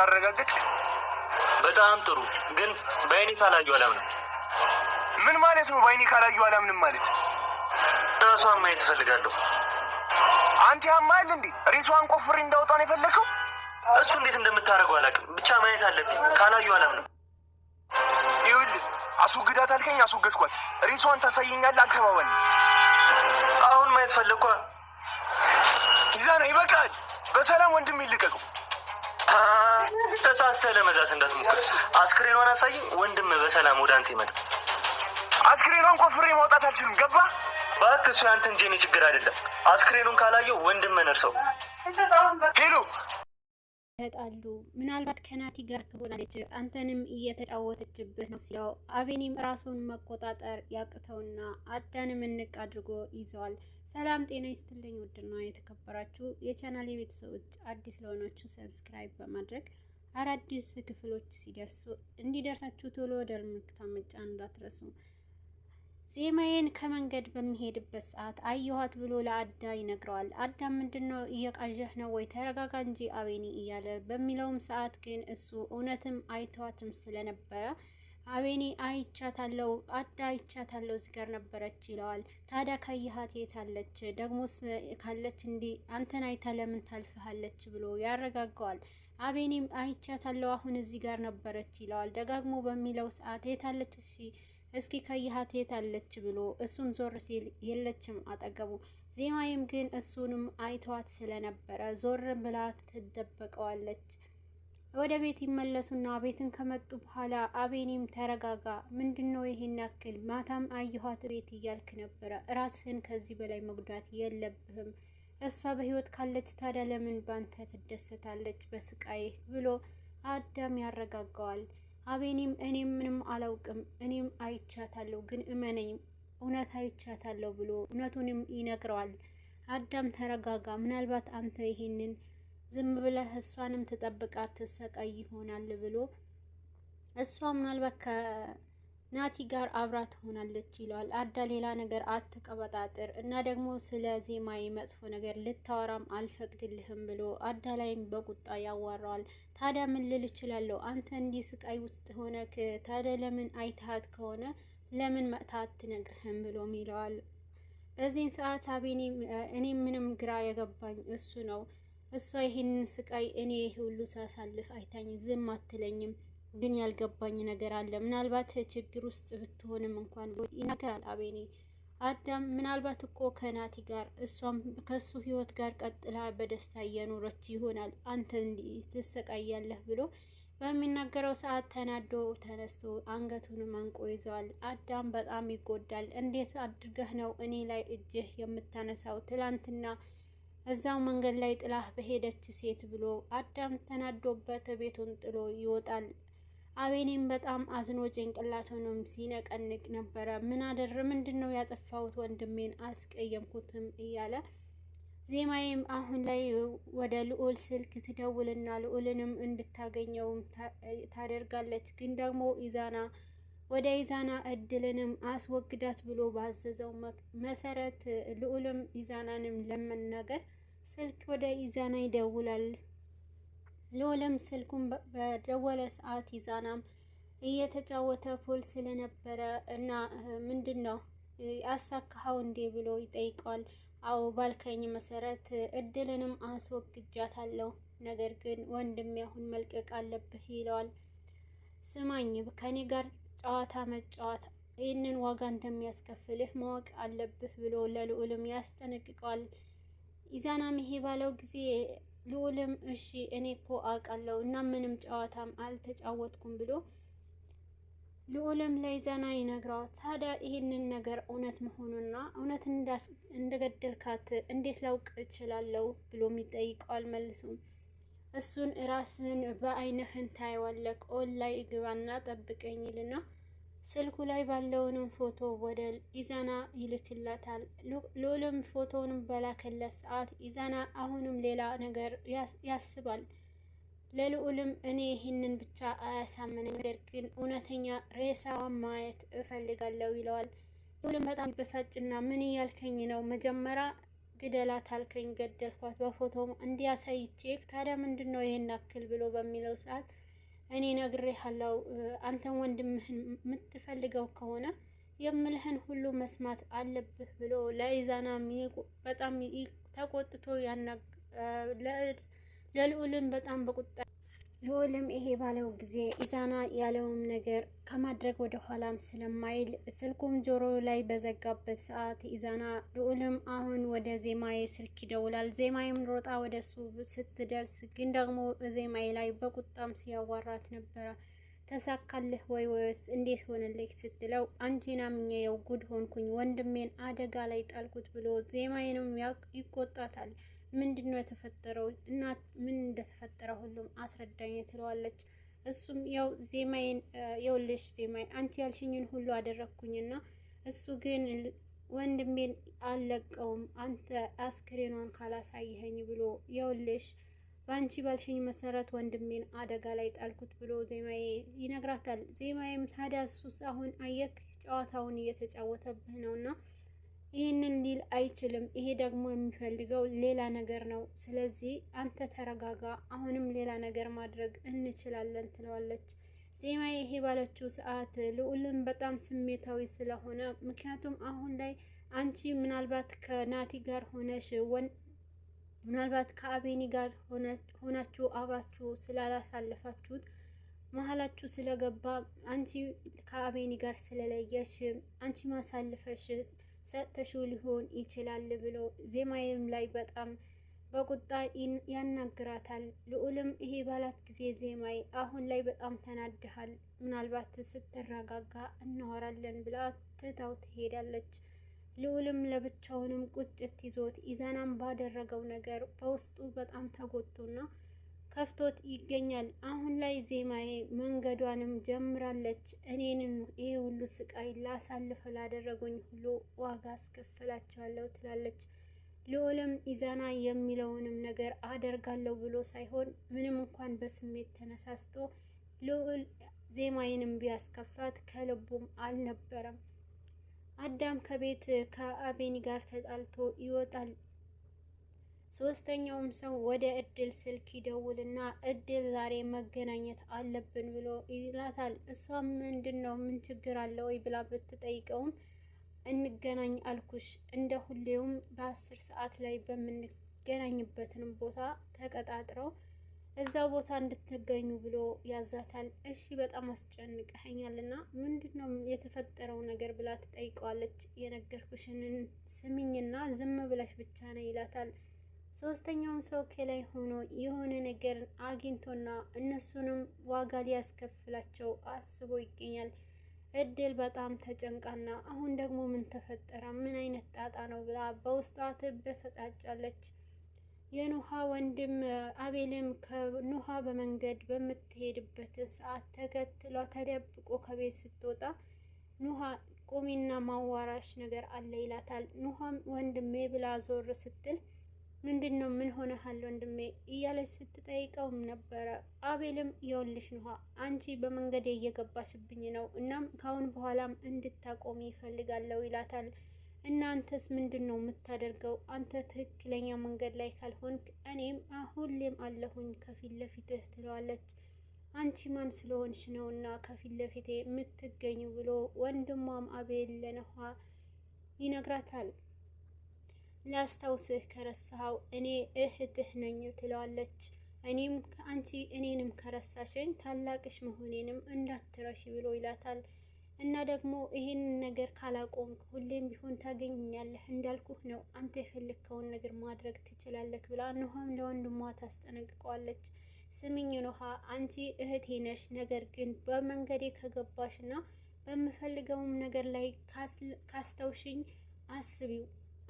እናረጋግጥ። በጣም ጥሩ ግን በአይኔ ካላዩ አላምንም። ምን ማለት ነው? በአይኔ ካላዩ አላምንም ማለት ራሷን ማየት እፈልጋለሁ። አንቲ ያማል እንዴ? ሬሷን ቆፍሬ እንዳወጣ ነው የፈለግከው? እሱ እንዴት እንደምታደርገው አላውቅም፣ ብቻ ማየት አለብኝ። ካላዩ አላምንም። ይኸውልህ አስወግዳት አልከኝ፣ አስወገድኳት። ሬሷን ታሳየኛለህ አልተባባልንም። አሁን ማየት ፈለግኳ። ይዛና ይበቃል። በሰላም ወንድም ይልቀቀው። ተሳስተህ ለመዛት እንዳትሞክር። አስክሬኗን አሳይ፣ ወንድም በሰላም ወደ አንተ ይመጣ። አስክሬኗን ቆፍሬ ማውጣት አልችልም፣ ገባ? ባክ። እሱ ያንተ እንጂ እኔ ችግር አይደለም። አስክሬኑን ካላየው ወንድም ነርሰው ሄሉ ተጣሉ። ምናልባት ከናቲ ጋር ትሆናለች፣ አንተንም እየተጫወተችብህ ነው ሲለው አቤኔም ራሱን መቆጣጠር ያቅተውና አዳንም እንቅ አድርጎ ይዘዋል። ሰላም ጤና ይስጥልኝ። ውድና የተከበራችሁ የቻናል የቤተሰቦች አዲስ ለሆናችሁ ሰብስክራይብ በማድረግ አዳዲስ ክፍሎች ሲደርሱ እንዲደርሳችሁ ቶሎ ወደ ምልክቷን መጫን እንዳትረሱ። ዜማዬን ከመንገድ በሚሄድበት ሰዓት አየኋት ብሎ ለአዳ ይነግረዋል። አዳ ምንድን ነው እየቃዠህ ነው ወይ ተረጋጋ እንጂ አቤኒ እያለ በሚለውም ሰዓት ግን እሱ እውነትም አይተዋትም ስለነበረ አቤኔ አይቻታለው አዳ አይቻታለው እዚህ ጋር ነበረች ይለዋል። ታዲያ ከይሃት የት አለች? ደግሞስ ካለች እንዲህ አንተን አይታ ለምን ታልፈሃለች ብሎ ያረጋገዋል። አቤኔም አይቻታለው አሁን እዚህ ጋር ነበረች ይለዋል። ደጋግሞ በሚለው ሰዓት የት አለች? እሺ እስኪ ከይሃት የት አለች ብሎ እሱም ዞር ሲል የለችም አጠገቡ። ዜማዬም ግን እሱንም አይተዋት ስለነበረ ዞር ብላ ትደበቀዋለች። ወደ ቤት ይመለሱና ቤትን ከመጡ በኋላ አቤኔም ተረጋጋ፣ ምንድን ነው ይሄን ያክል ማታም አየኋት ቤት እያልክ ነበረ፣ ራስህን ከዚህ በላይ መጉዳት የለብህም። እሷ በህይወት ካለች ታዲያ ለምን ባንተ ትደሰታለች በስቃይህ? ብሎ አዳም ያረጋጋዋል። አቤኔም እኔም ምንም አላውቅም፣ እኔም አይቻታለሁ፣ ግን እመነኝ እውነት አይቻታለሁ ብሎ እውነቱንም ይነግረዋል። አዳም ተረጋጋ፣ ምናልባት አንተ ይሄንን ዝም ብለህ እሷንም ትጠብቃት ትሰቃይ ይሆናል ብሎ እሷ ምናልባት ከናቲ ጋር አብራ ትሆናለች ይለዋል። አዳ ሌላ ነገር አትቀበጣጥር እና ደግሞ ስለ ዜማዬ መጥፎ ነገር ልታወራም አልፈቅድልህም ብሎ አዳ ላይም በቁጣ ያዋራዋል። ታዲያ ምን ልል እችላለሁ? አንተ እንዲህ ስቃይ ውስጥ ሆነክ ታዲያ ለምን አይተሃት ከሆነ ለምን መጥታ አትነግርህም ብሎም ይለዋል። በዚህን ሰዓት አቤኔ እኔ ምንም ግራ የገባኝ እሱ ነው እሷ ይህንን ስቃይ እኔ ሁሉ ሳሳልፍ አይታኝ ዝም አትለኝም። ግን ያልገባኝ ነገር አለ። ምናልባት ችግር ውስጥ ብትሆንም እንኳን ይናገራል አቤኔ አዳም። ምናልባት እኮ ከናቲ ጋር እሷም ከሱ ህይወት ጋር ቀጥላ በደስታ እየኖረች ይሆናል፣ አንተ ትሰቃያለህ ብሎ በሚናገረው ሰዓት ተናዶ ተነስቶ አንገቱንም አንቆ ይዘዋል። አዳም በጣም ይጎዳል። እንዴት አድርገህ ነው እኔ ላይ እጅህ የምታነሳው? ትላንትና እዛው መንገድ ላይ ጥላህ በሄደች ሴት ብሎ አዳም ተናዶበት ቤቱን ጥሎ ይወጣል። አቤኔም በጣም አዝኖ ጭንቅላት ሆኖም ሲነቀንቅ ነበረ። ምን አደር ምንድን ነው ያጠፋሁት? ወንድሜን አስቀየምኩትም እያለ ዜማዬም አሁን ላይ ወደ ልዑል ስልክ ትደውልና ልዑልንም እንድታገኘውም ታደርጋለች። ግን ደግሞ ኢዛና ወደ ኢዛና እድልንም አስወግዳት ብሎ ባዘዘው መሰረት ልዑልም ኢዛናንም ለመናገር ስልክ ወደ ኢዛና ይደውላል። ልዑልም ስልኩን በደወለ ሰዓት ኢዛናም እየተጫወተ ፑል ስለነበረ እና ምንድን ነው አሳካኸው እንዴ ብሎ ይጠይቀዋል። አዎ ባልከኝ መሰረት እድልንም አስወግጃታለሁ፣ ነገር ግን ወንድሜ አሁን መልቀቅ አለብህ ይለዋል። ስማኝ ከኔ ጋር ጨዋታ መጫወት ይህንን ዋጋ እንደሚያስከፍልህ ማወቅ አለብህ ብሎ ለልዑልም ያስጠነቅቀዋል። ኢዛና ይሄ ባለው ጊዜ ልዑልም እሺ እኔ እኮ አውቃለሁ እና ምንም ጨዋታም አልተጫወትኩም ብሎ ልዑልም ለኢዛና ይነግረዋል። ታዲያ ይህንን ነገር እውነት መሆኑና እውነት እንደገደልካት እንዴት ላውቅ እችላለሁ ብሎም ይጠይቀዋል መልሱም እሱን ራስን በአይንህን ታይዋለክ ኦን ላይ ግባና ጠብቀኝ ይልና ስልኩ ላይ ባለውንም ፎቶ ወደ ኢዛና ይልክላታል። ሎሎም ፎቶውንም በላከለት ሰዓት ኢዛና አሁንም ሌላ ነገር ያስባል። ለልዑልም እኔ ይህንን ብቻ አያሳምነኝ፣ ነገር ግን እውነተኛ ሬሳዋን ማየት እፈልጋለሁ ይለዋል። ልዑልም በጣም ይበሳጭና ምን እያልከኝ ነው መጀመሪያ ግደላት አልከኝ ገደልኳት፣ በፎቶ እንዲያሳይቼ ታዲያ ምንድን ነው ይሄን አክል ብሎ በሚለው ሰዓት እኔ ነግሬሃለሁ፣ አንተን ወንድምህን የምትፈልገው ከሆነ የምልህን ሁሉ መስማት አለብህ ብሎ ለኢዛና በጣም ተቆጥቶ ለልዑልን በጣም በቁጣ ልዑልም ይሄ ባለው ጊዜ ኢዛና ያለውም ነገር ከማድረግ ወደ ኋላም ስለማይል ስልኩም ጆሮ ላይ በዘጋበት ሰዓት ኢዛና ልዑልም አሁን ወደ ዜማዬ ስልክ ይደውላል። ዜማዬም ሮጣ ወደ እሱ ስትደርስ ግን ደግሞ ዜማዬ ላይ በቁጣም ሲያዋራት ነበረ። ተሳካልህ ወይ ወይስ እንዴት ሆነልህ ስትለው አንቺን አምኜው ጉድ ሆንኩኝ፣ ወንድሜን አደጋ ላይ ጣልኩት ብሎ ዜማዬንም ይቆጣታል። ምንድን ነው የተፈጠረው? እናት ምን እንደተፈጠረ ሁሉም አስረዳኝ ትለዋለች። እሱም ያው ዜማዬን የውልሽ ዜማዬ አንቺ ያልሽኝን ሁሉ አደረግኩኝና እሱ ግን ወንድሜን አልለቀውም አንተ አስክሬኗን ካላሳይኸኝ ብሎ የውልሽ በአንቺ ባልሽኝ መሰረት ወንድሜን አደጋ ላይ ጣልኩት ብሎ ዜማዬ ይነግራታል። ዜማዬም ታዲያ እሱስ አሁን አየክ ጨዋታውን እየተጫወተብህ ነውና ይህንን ሊል አይችልም። ይሄ ደግሞ የሚፈልገው ሌላ ነገር ነው። ስለዚህ አንተ ተረጋጋ፣ አሁንም ሌላ ነገር ማድረግ እንችላለን ትለዋለች ዜማ። ይሄ ባለችው ሰዓት ልዑልን በጣም ስሜታዊ ስለሆነ ምክንያቱም አሁን ላይ አንቺ ምናልባት ከናቲ ጋር ሆነሽ ምናልባት ከአቤኒ ጋር ሆናችሁ አብራችሁ ስላላሳለፋችሁት መሀላችሁ ስለገባ አንቺ ከአቤኒ ጋር ስለለየሽ አንቺ ማሳልፈሽ ሰጥተሽው ሊሆን ይችላል ብሎ ዜማዬም ላይ በጣም በቁጣ ያናግራታል። ልዑልም ይሄ ባላት ጊዜ ዜማዬ አሁን ላይ በጣም ተናድሃል፣ ምናልባት ስትረጋጋ እናወራለን ብላ ትታው ትሄዳለች። ልዑልም ለብቻውንም ቁጭት ይዞት ኢዛናም ባደረገው ነገር በውስጡ በጣም ተጎድቶና ከፍቶት ይገኛል። አሁን ላይ ዜማዬ መንገዷንም ጀምራለች። እኔንም ይህ ሁሉ ስቃይ ላሳልፈ ላደረጉኝ ሁሉ ዋጋ አስከፍላቸዋለሁ ትላለች። ልዑልም ኢዛና የሚለውንም ነገር አደርጋለሁ ብሎ ሳይሆን ምንም እንኳን በስሜት ተነሳስቶ ልዑል ዜማዬንም ቢያስከፋት ከልቡም አልነበረም። አዳም ከቤት ከአቤኒ ጋር ተጣልቶ ይወጣል። ሶስተኛውም ሰው ወደ እድል ስልክ ይደውልና እድል ዛሬ መገናኘት አለብን ብሎ ይላታል። እሷም ምንድን ነው ምን ችግር አለ ወይ ብላ ብትጠይቀውም እንገናኝ አልኩሽ እንደ ሁሌውም በአስር ሰዓት ላይ በምንገናኝበትንም ቦታ ተቀጣጥረው እዛ ቦታ እንድትገኙ ብሎ ያዛታል። እሺ በጣም አስጨንቀኸኛልና ምንድን ነው የተፈጠረው ነገር ብላ ትጠይቀዋለች። የነገርኩሽንን ስሚኝና ዝም ብለሽ ብቻ ነው ይላታል። ሶስተኛውም ሰው ከላይ ሆኖ የሆነ ነገር አግኝቶና እነሱንም ዋጋ ሊያስከፍላቸው አስቦ ይገኛል። እድል በጣም ተጨንቃና አሁን ደግሞ ምን ተፈጠረ፣ ምን አይነት ጣጣ ነው ብላ በውስጧ ትበሰጫጫለች። የኑሃ ወንድም አቤልም ከኑሃ በመንገድ በምትሄድበት ሰዓት ተከትሏ ተደብቆ ከቤት ስትወጣ ኑሃ ቁሚና ማዋራሽ ነገር አለ ይላታል። ኑሃም ወንድሜ ብላ ዞር ስትል ምንድን ነው ምን ሆነሃል ወንድሜ እያለች ስትጠይቀውም ነበረ። አቤልም የወልሽ ንኋ አንቺ በመንገዴ እየገባሽብኝ ነው፣ እናም ካሁን በኋላም እንድታቆሚ ይፈልጋለሁ ይላታል። እናንተስ ምንድን ነው የምታደርገው? አንተ ትክክለኛ መንገድ ላይ ካልሆንክ እኔም ሁሌም አለሁኝ ከፊት ለፊትህ ትለዋለች። አንቺ ማን ስለሆንሽ ነው እና ከፊት ለፊቴ የምትገኙ ብሎ ወንድሟም አቤል ለነኋ ይነግራታል። ላስታውስህ ከረሳኸው እኔ እህትህ ነኝ ትለዋለች። እኔም አንቺ እኔንም ከረሳሽኝ ታላቅሽ መሆኔንም እንዳትረሽ ብሎ ይላታል። እና ደግሞ ይህን ነገር ካላቆምክ ሁሌም ቢሆን ታገኝኛለህ፣ እንዳልኩህ ነው፣ አንተ የፈለግከውን ነገር ማድረግ ትችላለህ ብላ ኑሃም ለወንድሟ ታስጠነቅቀዋለች። ስምኝ ኑሃ፣ አንቺ እህቴ ነሽ። ነገር ግን በመንገዴ ከገባሽና በምፈልገውም ነገር ላይ ካስተውሽኝ አስቢው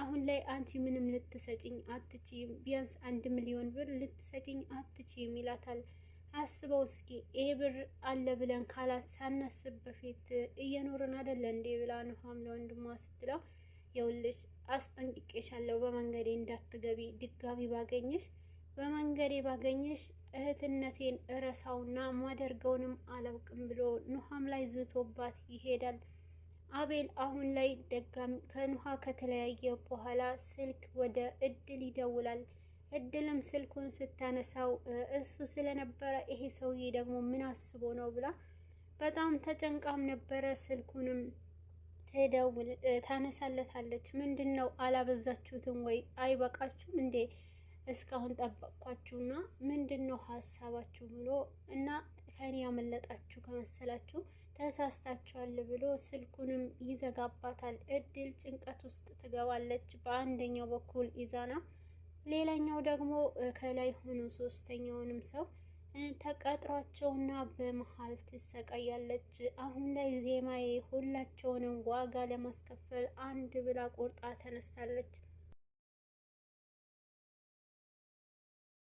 አሁን ላይ አንቺ ምንም ልትሰጭኝ አትችይም፣ ቢያንስ አንድ ሚሊዮን ብር ልትሰጭኝ አትችይም ይላታል። አስበው እስኪ ይሄ ብር አለ ብለን ካላት ሳናስብ በፊት እየኖርን አደለ እንዴ ብላ ኑሃም ለወንድሟ ስትለው የውልሽ አስጠንቅቄሻለሁ፣ በመንገዴ እንዳትገቢ፣ ድጋሚ ባገኘሽ በመንገዴ ባገኘሽ እህትነቴን እረሳውና ማደርገውንም አላውቅም ብሎ ኑሃም ላይ ዝቶባት ይሄዳል። አቤል አሁን ላይ ደጋም ከኑሃ ከተለያየ በኋላ ስልክ ወደ እድል ይደውላል። እድልም ስልኩን ስታነሳው እሱ ስለነበረ ይሄ ሰውዬ ደግሞ ምን አስቦ ነው ብላ በጣም ተጨንቃም ነበረ። ስልኩንም ትደውል ታነሳለታለች። ምንድን ነው አላበዛችሁትም ወይ አይበቃችሁም እንዴ? እስካሁን ጠበቅኳችሁና ምንድን ነው ሀሳባችሁ ብሎ እና ከኔ ያመለጣችሁ ከመሰላችሁ ተሳስታችኋል ብሎ ስልኩንም ይዘጋባታል። እድል ጭንቀት ውስጥ ትገባለች። በአንደኛው በኩል ኢዛና፣ ሌላኛው ደግሞ ከላይ ሆኖ ሶስተኛውንም ሰው ተቀጥሯቸውና በመሀል ትሰቃያለች። አሁን ላይ ዜማዬ ሁላቸውንም ዋጋ ለማስከፈል አንድ ብላ ቆርጣ ተነስታለች።